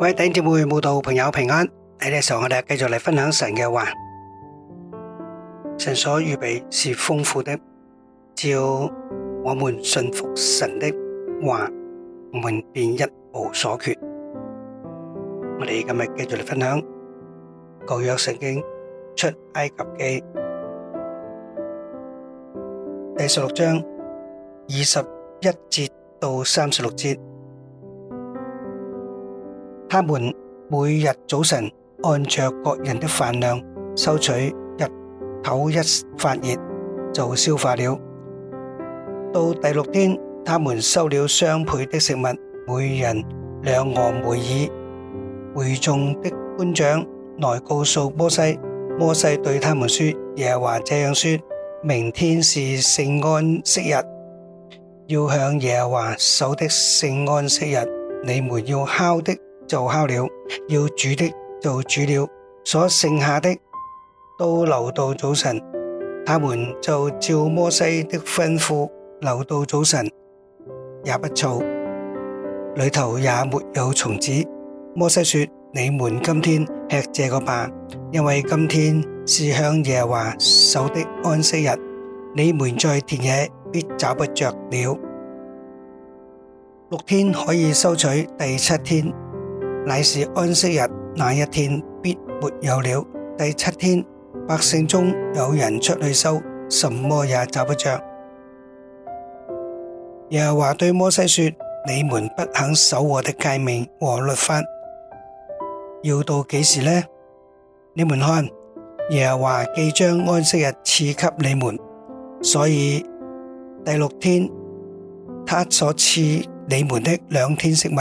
各位頂志會舞蹈朋友平安，喺呢個時候我哋繼續嚟分享神嘅話，神所預備是豐富的，只要我們信服神的話，我們便一無所缺。我哋今日繼續嚟分享舊約聖經出埃及記第十六章二十一節到三十六節。他們每日早晨按着各人的飯量收取，日頭一發熱就消化了。到第六天，他們收了雙倍的食物，每人兩俄梅爾。會眾的官長來告訴摩西，摩西對他們說：耶華這樣說，明天是聖安息日，要向耶華守的聖安息日，你們要烤的。就烤了，要煮的就煮了，所剩下的都留到早晨。他們就照摩西的吩咐留到早晨，也不臭，裏頭也沒有蟲子。摩西說：你們今天吃這個吧，因為今天是向耶和華守的安息日，你們在田野必找不着了。六天可以收取，第七天。乃是安息日，那一天必沒有了。第七天，百姓中有人出去收，什麼也找不着。耶和華對摩西說：你們不肯守我的誡命和律法，要到幾時呢？你們看，耶和華既將安息日賜給你們，所以第六天他所賜你們的兩天食物，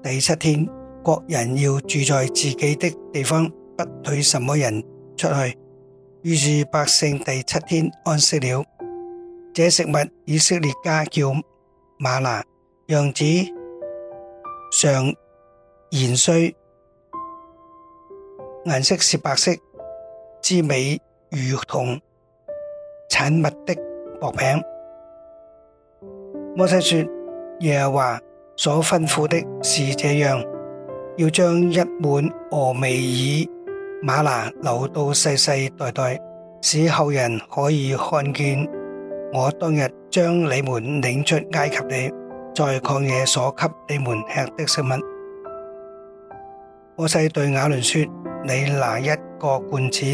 第七天。各人要住在自己的地方，不許什麼人出去。於是百姓第七天安息了。這食物以色列家叫嗎哪，樣子，上延衰，顏色是白色，滋味如同產物的薄餅。摩西說，耶和華所吩咐的是這樣。要將一滿俄米爾馬拿留到世世代代，使後人可以看見我當日將你們領出埃及地，在曠野所給你們吃的食物。摩西對亞倫說：你拿一個罐子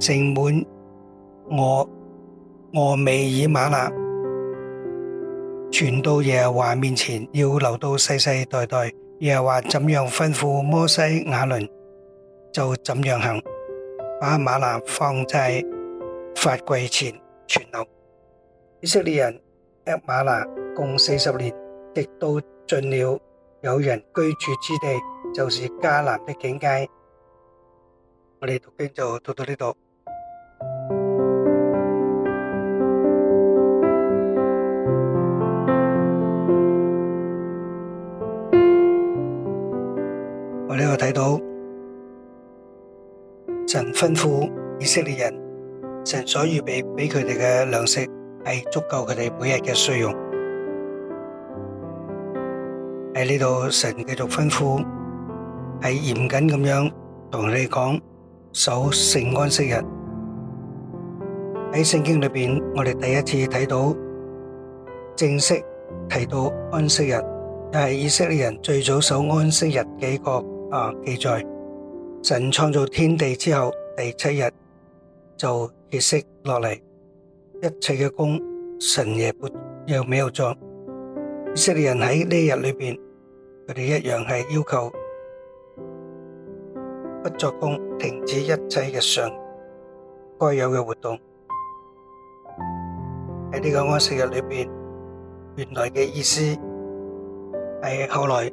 盛滿我俄米爾馬拿，傳到耶和華面前，要留到世世代代。又話怎樣吩咐摩西，亞倫就怎樣行，把馬拿放在法櫃前，存留。以色列人喺馬拿共四十年，直到進了有人居住之地，就是迦南的境界。我哋讀經就讀到呢度。睇到神吩咐以色列人，神所預備俾佢哋嘅糧食係足夠佢哋每日嘅需用。喺呢度神繼續吩咐，係嚴謹咁樣同你哋講守聖安息日。喺聖經裏邊，我哋第一次睇到正式提到安息日，又係以色列人最早守安息日嘅一個。啊！記載神創造天地之後，第七日就歇息落嚟，一切嘅工神也不又沒有做。以色列人喺呢一日裏邊，佢哋一樣係要求不做工，停止一切日常該有嘅活動。喺呢個安息日裏邊，原來嘅意思係後來。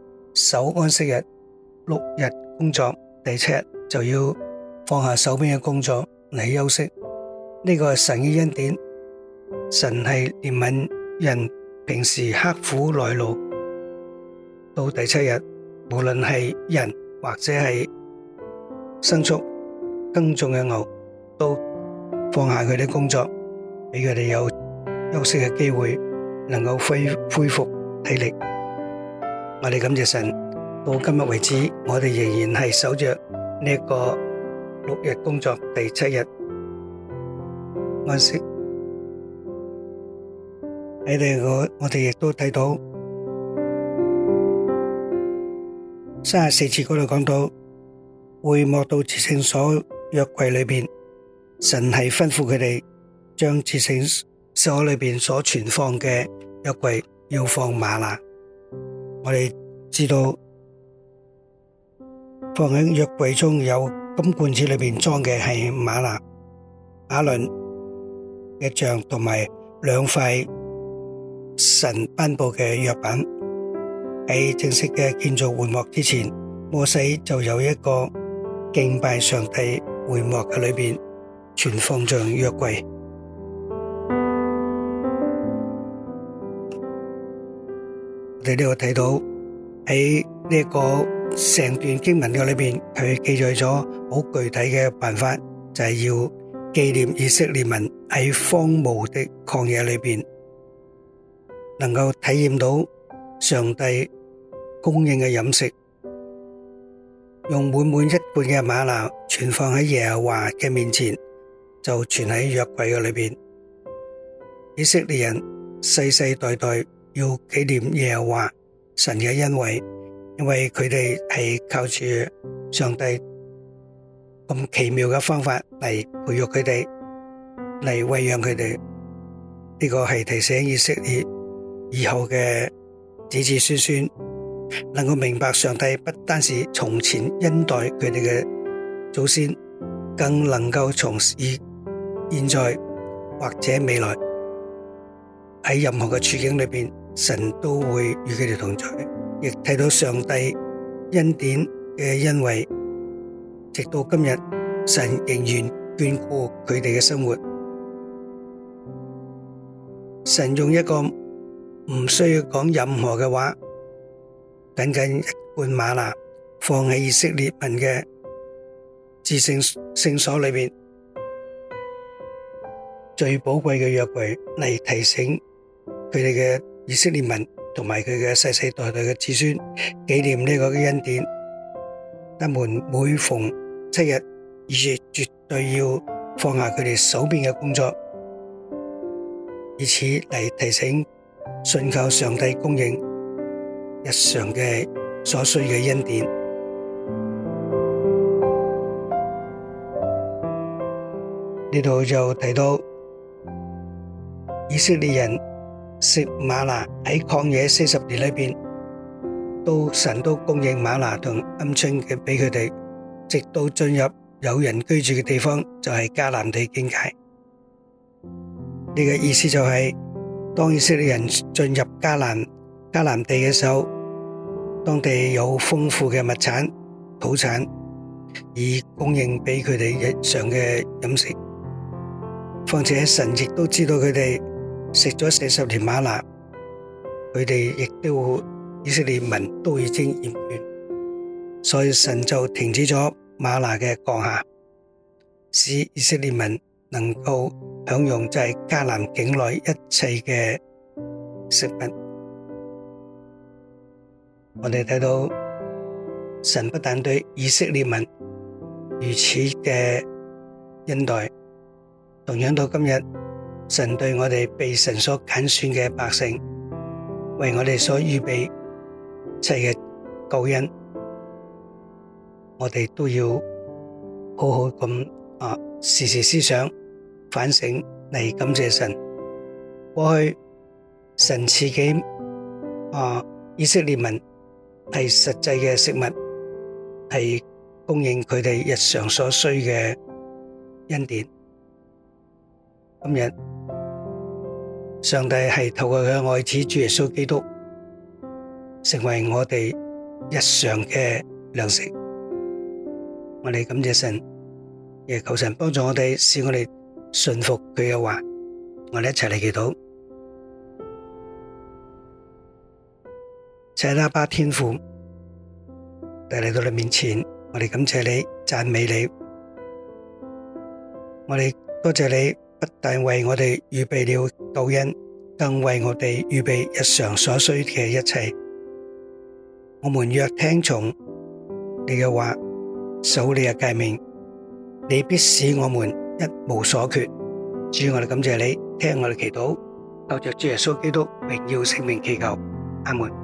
守安息日，六日工作，第七日就要放下手邊嘅工作嚟休息。呢個係神嘅恩典，神係憐憫人平時刻苦耐勞，到第七日，無論係人或者係牲畜、耕種嘅牛，都放下佢哋工作，俾佢哋有休息嘅機會，能夠恢恢復體力。我哋感謝神，到今日為止，我哋仍然係守着呢一個六日工作，第七日安息。你哋我我哋亦都睇到三十四節嗰度講到，會幕到至聖所約櫃裏邊，神係吩咐佢哋將至聖所裏邊所存放嘅約櫃要放馬拿。我哋知道放喺約櫃中有金罐子，裏面裝嘅係馬納阿倫嘅像同埋兩塊神頒佈嘅藥品。喺正式嘅建造會幕之前，摩西就有一個敬拜上帝會幕嘅裏面，存放着約櫃。我哋呢度睇到喺呢一個成段經文嘅裏邊，佢記載咗好具體嘅辦法，就係要紀念以色列民喺荒蕪的曠野裏邊，能夠體驗到上帝供應嘅飲食，用滿滿一罐嘅嗎哪存放喺耶和華嘅面前，就存喺約櫃嘅裏邊。以色列人世世代代。要紀念耶和華神嘅恩惠，因為佢哋係靠住上帝咁奇妙嘅方法嚟培育佢哋，嚟餵養佢哋。呢個係提醒以色列以後嘅子子孫孫能夠明白上帝不單是從前恩待佢哋嘅祖先，更能夠從現在或者未來喺任何嘅處境裏邊。神都會與佢哋同在，亦睇到上帝恩典嘅恩惠，直到今日，神仍然眷顧佢哋嘅生活。神用一個唔需要講任何嘅話，僅僅一罐嗎哪放喺以色列人嘅至聖聖所裏面，最寶貴嘅約櫃嚟提醒佢哋嘅。以色列民同埋佢嘅世世代代嘅子孫紀念呢個恩典，他們每逢七日亦絕對要放下佢哋手邊嘅工作，以此嚟提醒信靠上帝供應日常嘅所需嘅恩典。呢度就提到以色列人。食馬拿喺曠野四十年裏邊，都神都供應馬拿同鵪鶉嘅俾佢哋，直到進入有人居住嘅地方，就係迦南地境界。呢個意思就係，當以色列人進入迦南迦南地嘅時候，當地有豐富嘅物產、土產，以供應俾佢哋日常嘅飲食。況且神亦都知道佢哋。食咗四十年馬拿，佢哋亦都以色列民都已經厭倦，所以神就停止咗馬拿嘅降下，使以色列民能夠享用就係迦南境內一切嘅食物。我哋睇到神不但對以色列民如此嘅恩待，同樣到今日。神對我哋被神所揀選嘅百姓，為我哋所預備一切嘅救恩，我哋都要好好咁啊，時時思想反省嚟感謝神。過去神賜給啊以色列民係實際嘅食物，係供應佢哋日常所需嘅恩典。今日。上帝係透過佢嘅愛子主耶穌基督成為我哋日常嘅糧食，我哋感謝神，也求神幫助我哋使我哋信服佢嘅話。我哋一齊嚟祈禱，謝阿爸天父帶嚟到你面前，我哋感謝你讚美你，我哋多謝你。不但為我哋預備了道恩，更為我哋預備日常所需嘅一切。我們若聽從你嘅話，守你嘅誡命，你必使我們一無所缺。主，我哋感謝你，聽我哋祈禱，靠着主耶穌基督榮耀聖名祈求，阿門。